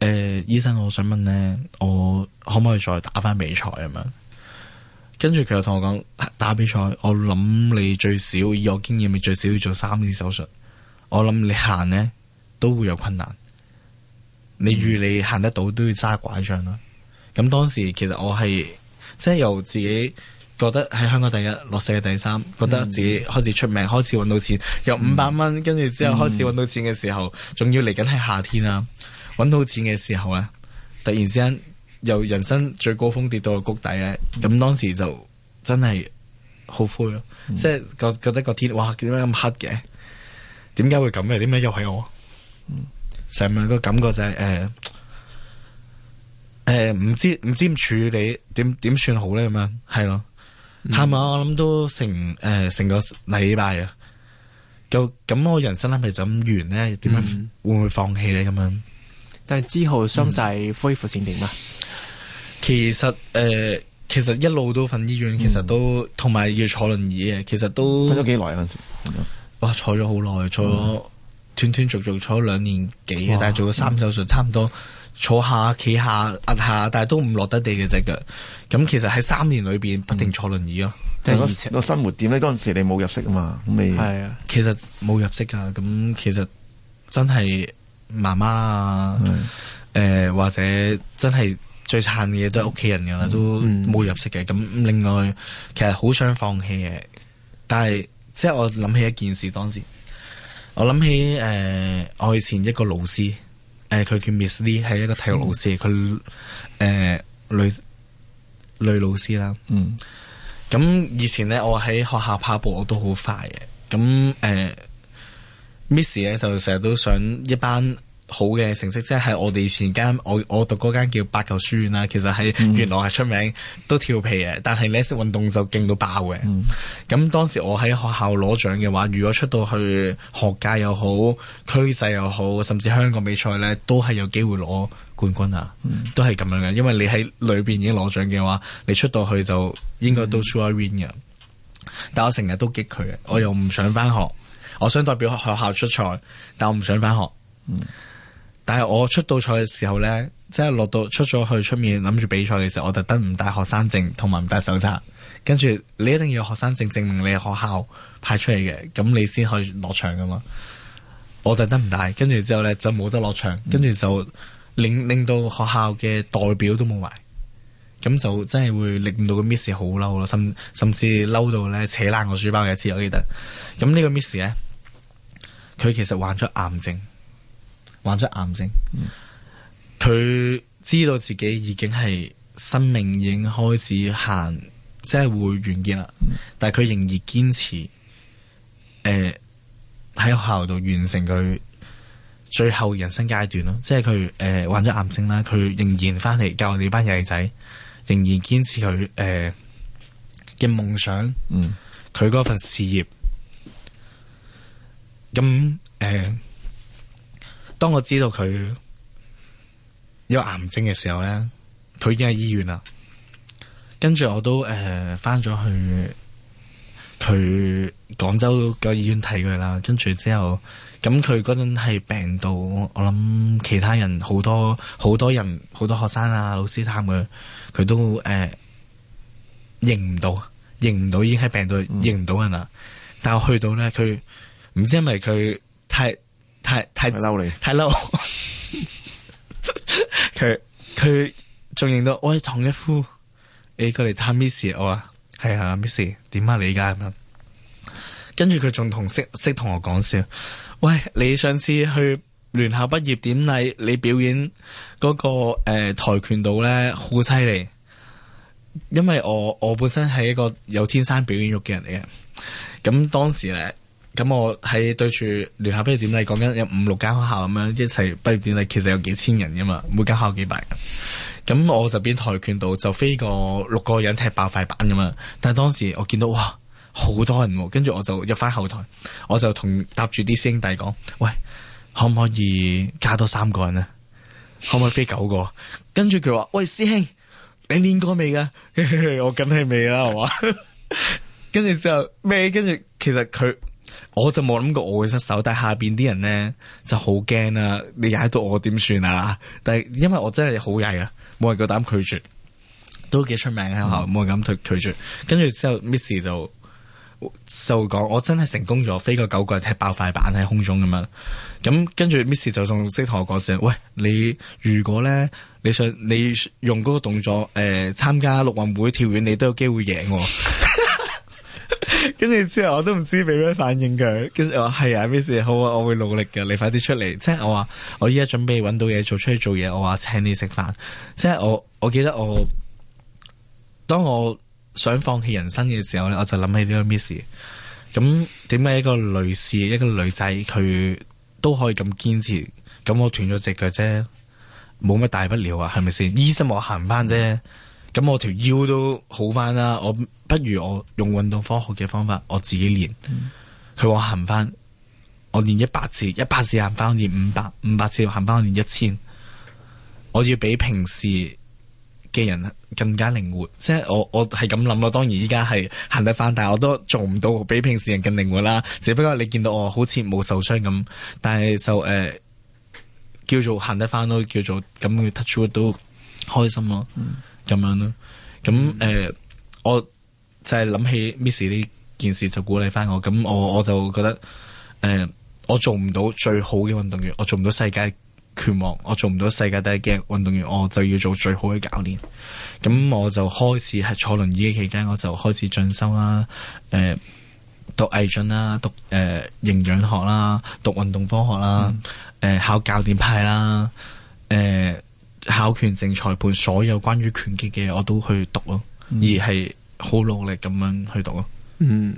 呃，醫生，我想問咧，我可唔可以再打翻比賽咁樣？跟住佢又同我講打，打比賽，我諗你最少以我經驗，你最少要做三次手術。我諗你行呢都會有困難。你預你行得到都要揸拐杖啦。咁當時其實我係即係由自己覺得喺香港第一，落世界第三，覺得自己開始出名，嗯、開始揾到錢，由五百蚊跟住之後開始揾到錢嘅時候，仲、嗯、要嚟緊係夏天啊！揾到錢嘅時候呢，突然之間。由人生最高峰跌到個谷底咧，咁、嗯、當時就真係好灰咯，嗯、即係覺覺得個天，哇，點解咁黑嘅？點解會咁嘅？點解又係我？成日咪個感覺就係誒誒，唔、呃呃、知唔知點處理，點點算好咧？咁樣係咯，係咪、嗯、我諗都成誒、呃、成個禮拜啊，就咁我人生係咪就咁完咧？點樣、嗯、會唔會放棄咧？咁樣？但係之後傷勢恢復成點啊？其實誒，其實一路都瞓醫院，其實都同埋要坐輪椅嘅。其實都坐咗幾耐啊嗰陣時，哇，坐咗好耐，坐咗斷斷續續坐咗兩年幾，但係做咗三手術，差唔多坐下企下壓下，但係都唔落得地嘅隻腳。咁其實喺三年裏邊不停坐輪椅咯，即係個生活點咧。嗰陣時你冇入息啊嘛，未係啊，其實冇入息啊。咁其實真係媽媽啊，誒或者真係。最慘嘅嘢都係屋企人噶啦，嗯、都冇入息嘅。咁、嗯、另外，其實好想放棄嘅，但係即係我諗起一件事，當時我諗起誒、呃，我以前一個老師，誒、呃、佢叫 Miss Lee，係一個體育老師，佢誒、嗯呃、女女老師啦。嗯。咁以前咧，我喺學校跑步我都好快嘅。咁誒、呃，Miss 咧就成日都想一班。好嘅成績，即係我哋以前間我我讀嗰間叫伯裘書院啦，其實喺、嗯、元朗係出名都調皮嘅，但係你識運動就勁到爆嘅。咁、嗯、當時我喺學校攞獎嘅話，如果出到去學界又好、區際又好，甚至香港比賽呢，都係有機會攞冠軍啊，嗯、都係咁樣嘅。因為你喺裏邊已經攞獎嘅話，你出到去就應該都 sure win 嘅。嗯、但我成日都激佢嘅，我又唔想返學，我想代表學校出賽，但我唔想返學。嗯但係我出到賽嘅時候呢，即係落到出咗去出面諗住比賽嘅時候，我特登唔帶學生證同埋唔帶手冊，跟住你一定要學生證證明你係學校派出嚟嘅，咁你先可以落場噶嘛。我特登唔帶，跟住之後呢，就冇得落場，跟住、嗯、就令令到學校嘅代表都冇埋，咁就真係會令到個 Miss 好嬲咯，甚甚至嬲到呢扯爛個書包嘅一次我記得。咁呢個 Miss 呢，佢其實患咗癌症。患咗癌症，佢知道自己已經係生命已經開始行，即係會完結啦。但係佢仍然堅持，誒、呃、喺學校度完成佢最後人生階段咯。即係佢誒患咗癌症啦，佢仍然翻嚟教我哋班友仔，仍然堅持佢誒嘅夢想，佢嗰、嗯、份事業。咁誒。呃當我知道佢有癌症嘅時候呢，佢已經喺醫院啦。跟住我都誒返咗去佢廣州個醫院睇佢啦。跟住之後，咁佢嗰陣係病到我，我諗其他人好多好多人好多學生啊、老師探佢，佢都誒、呃、認唔到，認唔到已經係病到，嗯、認唔到人啦。但係去到呢，佢唔知係咪佢太。太太嬲你，太嬲佢，佢仲認到，喂，唐壹孚，你過嚟探 Miss 我啊，係啊 Miss 點啊，你而家咁樣？跟住佢仲同識識同我講笑，喂，你上次去聯校畢業典禮，你表演嗰個誒跆拳道咧好犀利。因為我我本身係一個有天生表演欲嘅人嚟嘅，咁當時咧。咁我喺對住聯合畢業典禮，講緊有五六間學校咁樣一齊畢業典禮，其實有幾千人噶嘛，每間學校幾百人。咁我就邊跆拳道就飛過六個人踢爆塊板咁嘛。但係當時我見到哇，好多人、啊，跟住我就入翻後台，我就同搭住啲師兄弟講，喂，可唔可以加多三個人咧啊？可唔可以飛九個？跟住佢話，喂，師兄，你練過未噶？ 我梗係未啦，係嘛？跟住之後未，跟住其實佢。我就冇諗過我會失手，但係下邊啲人咧就好驚啦！你踩到我點算啊？但係因為我真係好曳啊，冇人夠膽拒絕，都幾出名啊！冇、嗯、人敢拒拒絕。跟住之後，Miss 就就講我真係成功咗，飛過九個踢爆塊板喺空中咁樣。咁跟住 Miss 就仲識同我講聲：喂，你如果咧，你想你用嗰個動作誒參、呃、加陸運會跳遠，你都有機會贏我、哦。 跟住之後，我都唔知俾咩反應佢，跟住我話係啊，Miss，好啊，我會努力嘅，你快啲出嚟。即係我話，我依家準備揾到嘢做，出去做嘢。我話請你食飯。即係我，我記得我，當我想放棄人生嘅時候呢，我就諗起呢個 Miss。咁點解一個女士，一個女仔，佢都可以咁堅持？咁我斷咗隻腳啫，冇乜大不了啊，係咪先？醫生話行翻啫。咁我條腰都好翻啦，我不如我用運動科學嘅方法，我自己練。佢話、嗯、行翻，我練一百次，一百次行翻，我練五百，五百次行翻，我練一千。我要比平時嘅人更加靈活，即係我我係咁諗咯。當然依家係行得翻，但係我都做唔到比平時人更靈活啦。只不過你見到我好似冇受傷咁，但係就誒叫做行得翻咯，叫做咁佢 touch wood 都開心咯。嗯咁樣咯，咁誒、嗯呃，我就係諗起 Miss 呢件事就鼓勵翻我，咁我我就覺得誒、呃，我做唔到最好嘅運動員，我做唔到世界拳王，我做唔到世界第一嘅運動員，我就要做最好嘅教練。咁我就開始係坐輪椅嘅期間，我就開始進修啦，誒、呃，讀藝訓啦，讀誒營養學啦，讀運動科學啦，誒、嗯呃、考教練牌啦，誒、呃。呃考拳證裁判，所有關於拳擊嘅我都去讀咯，嗯、而係好努力咁樣去讀咯。嗯，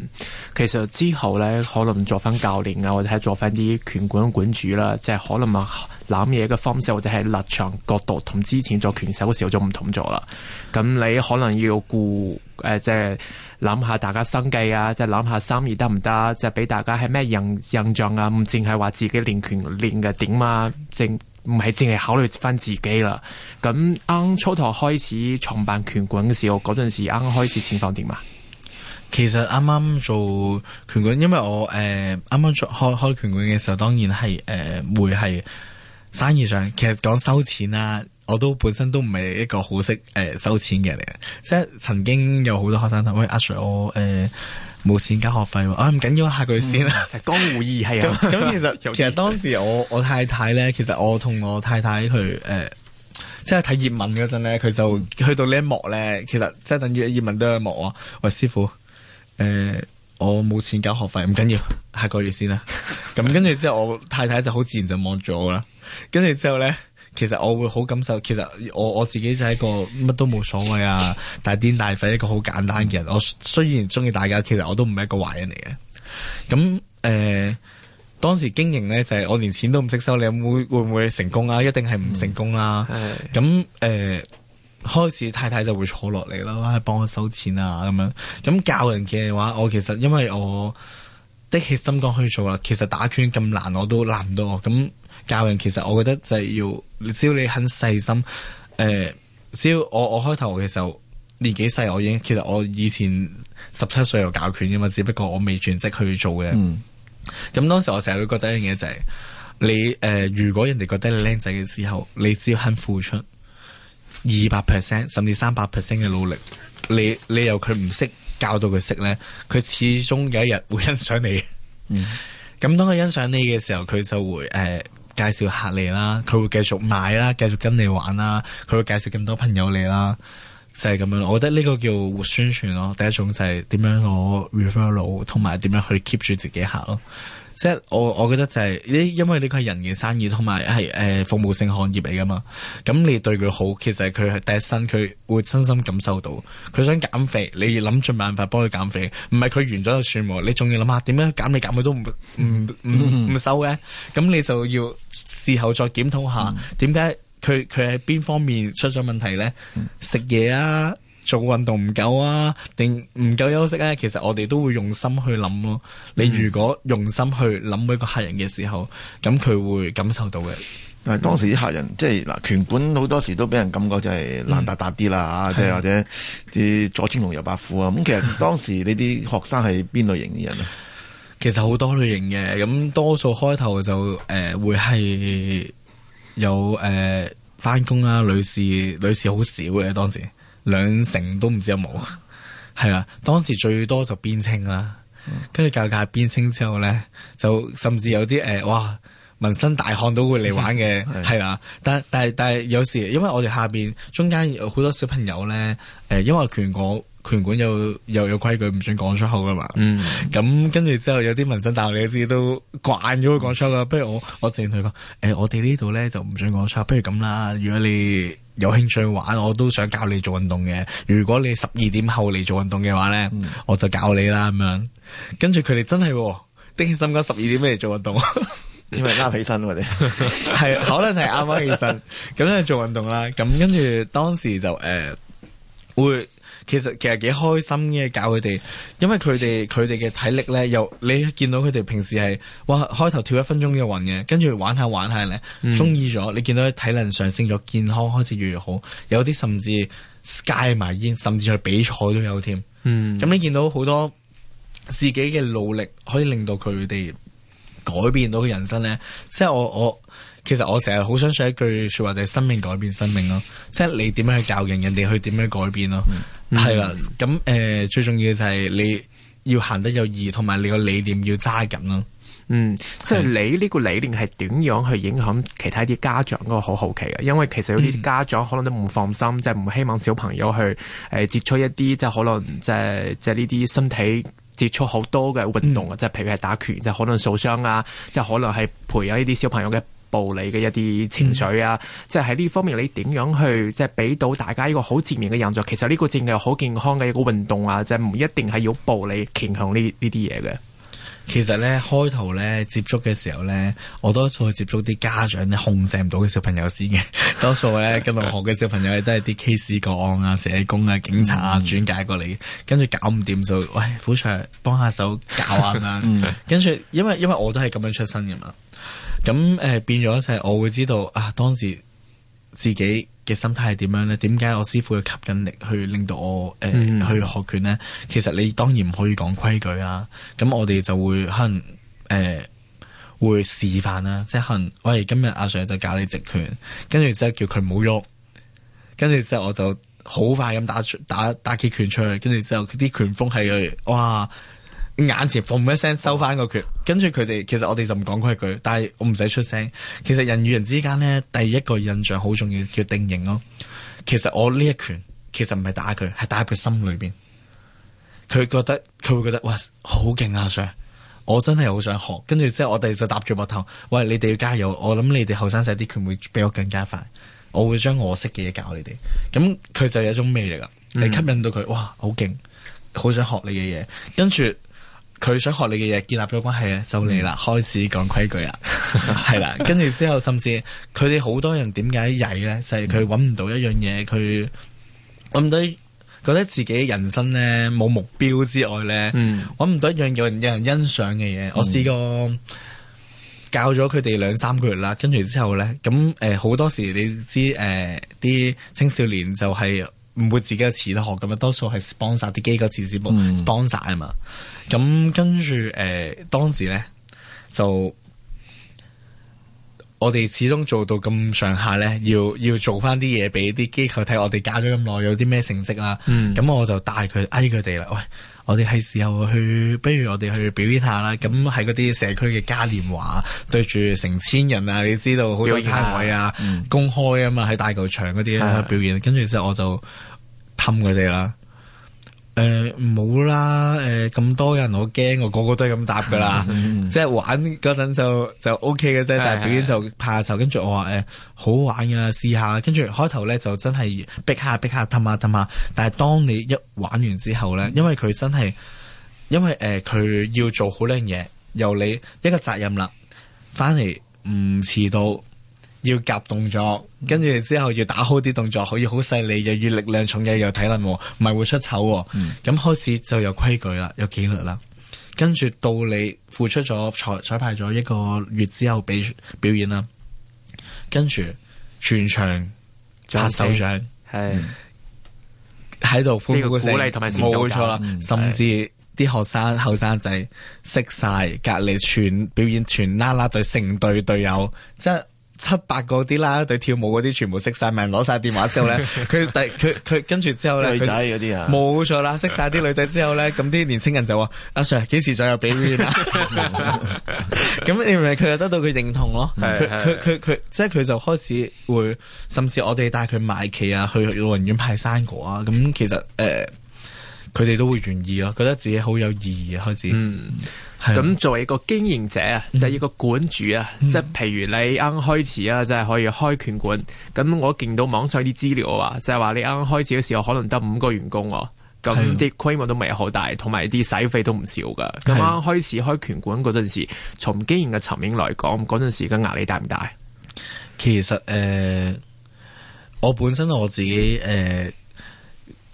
其實之後咧，可能做翻教練啊，或者係做翻啲拳館館主啦，即係可能啊諗嘢嘅方式，或者係立場角度，同之前做拳手嘅時候就唔同咗啦。咁你可能要顧誒，即係諗下大家生計啊，即係諗下生意得唔得，即係俾大家係咩人印象啊？唔淨係話自己練拳練嘅點啊，正、就是。唔係淨係考慮翻自己啦。咁啱初頭開始創辦拳館嘅時候，嗰陣時啱啱開始情況點啊？其實啱啱做拳館，因為我誒啱啱做開開拳館嘅時候，當然係誒、呃、會係生意上。其實講收錢啦，啊，我都本身都唔係一個好識誒收錢嘅人，即係曾經有好多學生同喂阿 Sir，我誒。呃冇錢交學費喎，啊唔緊要，下個月先啦，嗯就是、江湖義氣啊！咁其實其實當時我我太太咧，其實我同我太太去，誒、呃，即係睇葉問嗰陣咧，佢就去到呢一幕咧，其實即係等於葉問都有一幕啊！喂，師傅，誒、呃，我冇錢交學費，唔緊要，下個月先啦。咁跟住之後，我太太就好自然就望咗我啦。跟住之後咧。其實我會好感受，其實我我自己就係一個乜都冇所謂啊，大癲大肺一個好簡單嘅人。我雖然中意打架，其實我都唔係一個壞人嚟嘅。咁誒、呃，當時經營咧就係、是、我連錢都唔識收，你有會唔會成功啊？一定係唔成功啦、啊。咁誒、嗯呃，開始太太就會坐落嚟啦，幫我收錢啊咁樣。咁教人嘅話，我其實因為我的起心肝去做啦，其實打拳咁難，我都難唔到我咁。教人其實我覺得就係要，只要你肯細心，誒、呃，只要我我開頭嘅時候年紀細，我已經其實我以前十七歲有教拳噶嘛，只不過我未轉職去做嘅。咁、嗯、當時我成日都覺得一樣嘢就係、是，你誒、呃，如果人哋覺得你靚仔嘅時候，你只要肯付出二百 percent 甚至三百 percent 嘅努力，你你由佢唔識教到佢識呢，佢始終有一日會欣賞你。咁、嗯、當佢欣賞你嘅時候，佢就會誒。呃介紹客嚟啦，佢會繼續買啦，繼續跟你玩啦，佢會介紹更多朋友嚟啦，就係咁樣。我覺得呢個叫活宣傳咯，第一種就係點樣攞 referral，同埋點樣去 keep 住自己客咯。即係我，我覺得就係呢，因為呢個係人嘅生意，同埋係誒服務性行業嚟噶嘛。咁你對佢好，其實佢係第一身，佢會深深感受到。佢想減肥，你要諗盡辦法幫佢減肥，唔係佢完咗就算喎。你仲要諗下點樣減？減你減佢都唔唔唔唔收嘅。咁你就要事後再檢討下，點解佢佢喺邊方面出咗問題咧？食嘢啊！做運動唔夠啊，定唔夠休息啊？其實我哋都會用心去諗咯、啊。嗯、你如果用心去諗每個客人嘅時候，咁佢會感受到嘅。但係當時啲客人、嗯、即係嗱拳館好多時都俾人感覺就係爛搭搭啲啦，即係、嗯、或者啲左青龍右白虎啊。咁、嗯、其實當時呢啲學生係邊類型嘅人啊？其實好多類型嘅，咁多數開頭就誒、呃、會係有誒翻工啊，女士女士好少嘅當時。兩成都唔知有冇？係啦。當時最多就邊清啦，跟住價格邊清之後咧，就甚至有啲誒、呃，哇！紋身大漢都會嚟玩嘅，係、嗯、啦。但但係但係有時，因為我哋下邊中間有好多小朋友咧，誒、呃，因為拳館拳館有又有規矩，唔准講出口噶嘛。嗯。咁跟住之後，有啲紋身大漢你知都慣咗講出口啦。不如我我淨係同佢講，誒，我哋、呃、呢度咧就唔准講出口。不如咁啦，如果你。有興趣玩，我都想教你做運動嘅。如果你十二點後嚟做運動嘅話呢，嗯、我就教你啦咁樣。跟住佢哋真係叮起心肝，十二點嚟做運動，因為啱起身，我哋係可能係啱啱起身咁咧做運動啦。咁跟住當時就誒、呃、會。其實其實幾開心嘅教佢哋，因為佢哋佢哋嘅體力呢，又你見到佢哋平時係哇開頭跳一分鐘就暈嘅，跟住玩下玩下呢，中意咗你見到啲體能上升咗，健康開始越嚟越好，有啲甚至戒埋煙，甚至去比賽都有添。咁、嗯、你見到好多自己嘅努力可以令到佢哋改變到嘅人生呢，即係我我。我其實我成日好相信一句說話，就係、是、生命改變生命咯。即係你點樣去教人，人哋去點樣去改變咯。係啦、嗯，咁誒、呃，最重要就係你要行得有意義，同埋你，理、嗯、你個理念要揸緊咯。嗯，即係你呢個理念係點樣去影響其他啲家長，我好好奇嘅。因為其實有啲家長可能都唔放心，即係唔希望小朋友去誒接觸一啲即係可能即係即係呢啲身體接觸好多嘅運動嘅，即係、嗯、譬如係打拳，即就是、可能受傷啊，即、就、係、是、可能係培養呢啲小朋友嘅。暴力嘅一啲情緒啊，嗯、即係喺呢方面你點樣去，即係俾到大家一個好正面嘅印象。其實呢個正係好健康嘅一個運動啊，就係、是、唔一定係要暴力傾向呢呢啲嘢嘅。其實咧，開頭咧，接觸嘅時候咧，我多數去接觸啲家長控制唔到嘅小朋友先嘅。多數咧，今日學嘅小朋友都係啲 case 個案啊、社工啊、警察啊轉介過嚟，跟住搞唔掂就喂，孚 Sir 幫下手搞啊。 嗯、跟住，因為因為我都係咁樣出身嘅嘛。咁誒、呃，變咗就係我會知道啊，當時自己嘅心態係點樣咧？點解我師傅嘅吸引力去令到我誒、呃嗯、去學拳咧？其實你當然唔可以講規矩啊。咁我哋就會可能誒、呃、會示範啦、啊，即係可能喂，今日阿 Sir 就教你直拳，跟住之後叫佢唔好喐，跟住之後我就好快咁打出打打幾拳出去，跟住之後啲拳風係哇～眼前嘣一聲收翻個拳，跟住佢哋其實我哋就唔講規矩，但係我唔使出聲。其實人與人之間咧，第一個印象好重要，叫定型咯、哦。其實我呢一拳其實唔係打佢，係打喺佢心裏邊。佢覺得佢會覺得哇好勁啊！Sir，我真係好想學。跟住之後我哋就搭住膊頭，喂，你哋要加油。我諗你哋後生仔啲拳會比我更加快。我會將我識嘅嘢教你哋。咁佢就有一種魅力噶，你吸引到佢哇好勁，好想學你嘅嘢，跟住，佢想學你嘅嘢，建立咗關係咧，就嚟啦。嗯、開始講規矩啦，係 啦。跟住之後，甚至佢哋好多人點解曳咧，就係佢揾唔到一樣嘢，佢揾唔到覺得自己人生咧冇目標之外咧，揾唔、嗯、到一樣有人有人欣賞嘅嘢。嗯、我試過教咗佢哋兩三個月啦，跟住之後咧，咁誒好多時你知誒啲青少年就係唔會自己自覺學咁啊，多數係 sp、嗯、sponsor 啲機構，甚至幫 sponsor 啊嘛。咁跟住誒、呃、當時咧就我哋始終做到咁上下咧，要要做翻啲嘢俾啲機構睇，我哋搞咗咁耐有啲咩成績啦。咁、嗯、我就帶佢哎佢哋啦，喂，我哋係時候去，不如我哋去表演下啦。咁喺嗰啲社區嘅嘉年華對住成千人啊，你知道好多攤位啊，嗯、公開啊嘛，喺大球場嗰啲是、啊、表演，跟住之後我就氹佢哋啦。誒，唔好、呃、啦，誒、呃、咁多人我驚，我個個都係咁答噶啦， 即係玩嗰陣就就 O K 嘅啫，但係表演就怕就，跟住 我話誒、呃、好玩噶，試下，跟住開頭咧就真係逼下逼下氹下氹下，哄哄哄，但係當你一玩完之後咧，因為佢真係，因為誒佢、呃、要做好呢樣嘢，由你一個責任啦，翻嚟，唔遲到。要夾動作，跟住之後要打好啲動作，可以好細膩，又要力量重，又又體能，唔係會出醜。咁、嗯、開始就有規矩啦，有紀律啦。跟住到你付出咗彩彩排咗一個月之後，畀表演啦，跟住全場拍手掌，係喺度歡呼嘅聲，冇錯啦。甚至啲學生後生仔識晒隔籬全表演全啦啦隊，成隊隊友即係。七八個啲啦，對跳舞嗰啲全部識晒，咪攞晒電話之後咧，佢第佢佢跟住之後咧，女仔啲啊，冇錯啦，識晒啲女仔之後咧，咁啲年青人就話：阿、 啊、Sir 幾時再又俾你、啊？咁 你唔咪佢又得到佢認同咯。佢佢佢佢，即係佢就開始會，甚至我哋帶佢賣旗啊去，去老人院派生果啊。咁其實誒。呃佢哋都會願意咯，覺得自己好有意義啊！開始，嗯，咁作為一個經營者啊，即係、嗯、一個館主啊，嗯、即係譬如你啱開始啊，即係可以開拳館。咁、嗯、我見到網上啲資料啊，就係、是、話你啱開始嘅時候可能得五個員工哦，咁啲規模都未好大，同埋啲使費都唔少噶。咁啱啱開始開拳館嗰陣時，從經營嘅層面嚟講，嗰陣時嘅壓力大唔大？其實誒、呃，我本身我自己誒。呃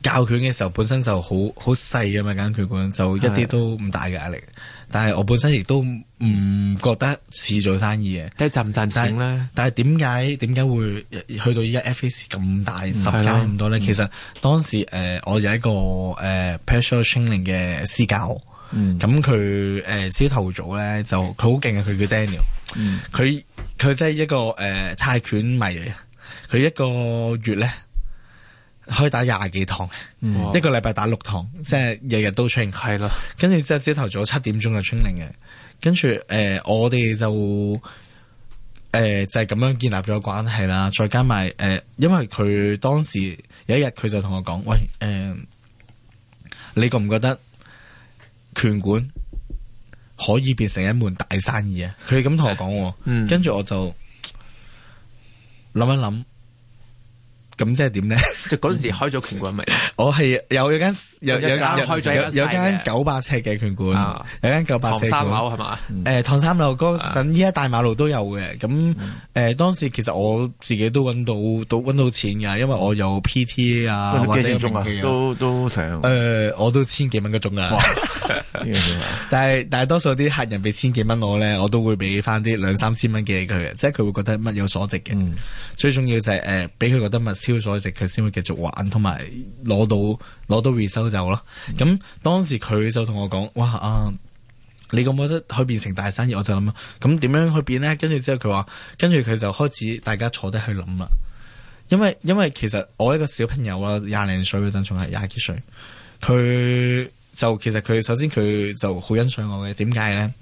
教拳嘅時候本身就好好細㗎嘛，間拳館就一啲都唔大嘅壓力。的但係我本身亦都唔覺得似做生意嘅，即係賺唔賺錢咧？但係點解點解會去到依家 FAS 咁大十間咁多咧？嗯、其實當時誒、呃，我有一個誒、呃、personal training 嘅私教，咁佢誒朝頭早咧就佢好勁啊，佢叫 Daniel，佢佢真係一個誒、呃、泰拳迷，嚟。佢一個月咧。可以打廿幾堂，嗯、一個禮拜打六堂，即係日日都 training 的。係啦，跟住即係朝頭早七點鐘就 training 嘅，跟住誒我哋就誒就係咁樣建立咗關係啦。再加埋誒、呃，因為佢當時有一日佢就同我講，喂誒、呃，你覺唔覺得拳館可以變成一門大生意啊？佢咁同我講，跟住、嗯、我就諗一諗。咁即係點咧？就嗰陣時開咗拳館未？我係有有間有有間開咗有間九百尺嘅拳館，有間九百尺唐三樓係嘛？誒，唐三樓嗰陣依家大馬路都有嘅。咁誒，當時其實我自己都搵到搵到錢嘅，因為我有 PT 啊，或者有咩都都成。誒，我都千幾蚊個鐘噶，但係大多數啲客人俾千幾蚊我咧，我都會俾翻啲兩三千蚊俾佢，即係佢會覺得物有所值嘅。最重要就係誒，俾佢覺得物超所值佢先會繼續玩，同埋攞到攞到回收就咯。咁、嗯、當時佢就同我講：，哇啊，你覺唔覺得佢變成大生意？嗯、我就諗啦，咁點樣去變呢？跟、跟住之後佢話，跟住佢就開始大家坐低去諗啦。因為因為其實我一個小朋友啊，廿零歲嗰陣仲係廿幾歲，佢就其實佢首先佢就好欣賞我嘅。點解呢？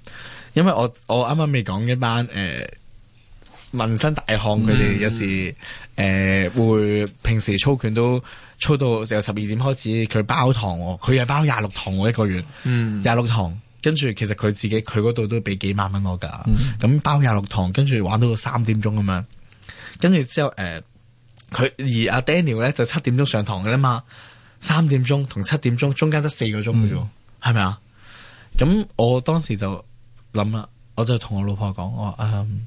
因為我我啱啱未講一班誒、呃、民生大漢佢哋有時。嗯誒、呃，會平時操拳都操到由十二點開始，佢包堂，佢係包廿六堂喎一個月，嗯，廿六堂，跟住其實佢自己佢嗰度都俾幾萬蚊我噶，咁、嗯、包廿六堂，跟住玩到三點鐘咁樣，跟住之後誒，佢、呃、而阿 Daniel 咧就七點鐘上堂嘅啦嘛，三點鐘同七點鐘中間得四個鐘噶啫，係咪啊？咁我當時就諗啦，我就同我老婆講，我話嗯。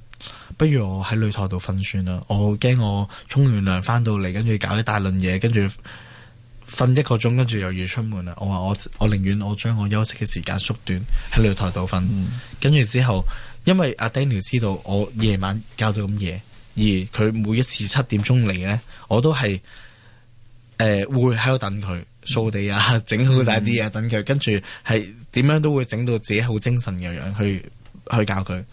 不如我喺擂台度瞓算啦，我驚我沖完涼翻到嚟，跟住搞一大輪嘢，跟住瞓一個鐘，跟住又要出門啦。我話我我寧願我將我休息嘅時間縮短喺擂台度瞓，跟住、嗯、之後，因為阿 Daniel 知道我夜晚搞到咁夜，而佢每一次七點鐘嚟呢，我都係誒、呃、會喺度等佢掃地啊，整好晒啲嘢等佢，跟住係點樣都會整到自己好精神嘅樣去。去教佢，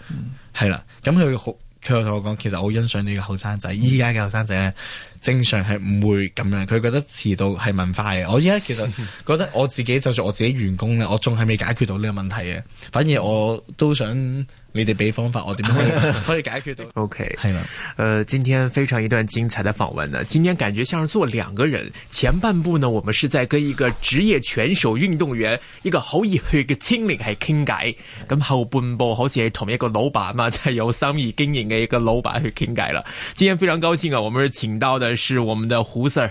係啦，嗯。咁佢好，佢又同我講，其實我好欣賞你個後生仔。依家嘅後生仔咧，正常係唔會咁樣。佢覺得遲到係文化嘅。我依家其實覺得我自己， 就算我自己員工咧，我仲係未解決到呢個問題嘅。反而我都想。你哋俾方法，我點可以可以解決到 ？OK，係啦，誒，今天非常一段精彩的訪問呢，啊，今天感覺像是做兩個人，前半部呢，我們是在跟一個職業拳手、運動員一個好熱血嘅青年係傾偈，咁後半部好似係同一個老板嘛，在由生意經營嘅一個老闆去傾偈啦。今天非常高興啊，我們請到嘅是我們的胡 Sir。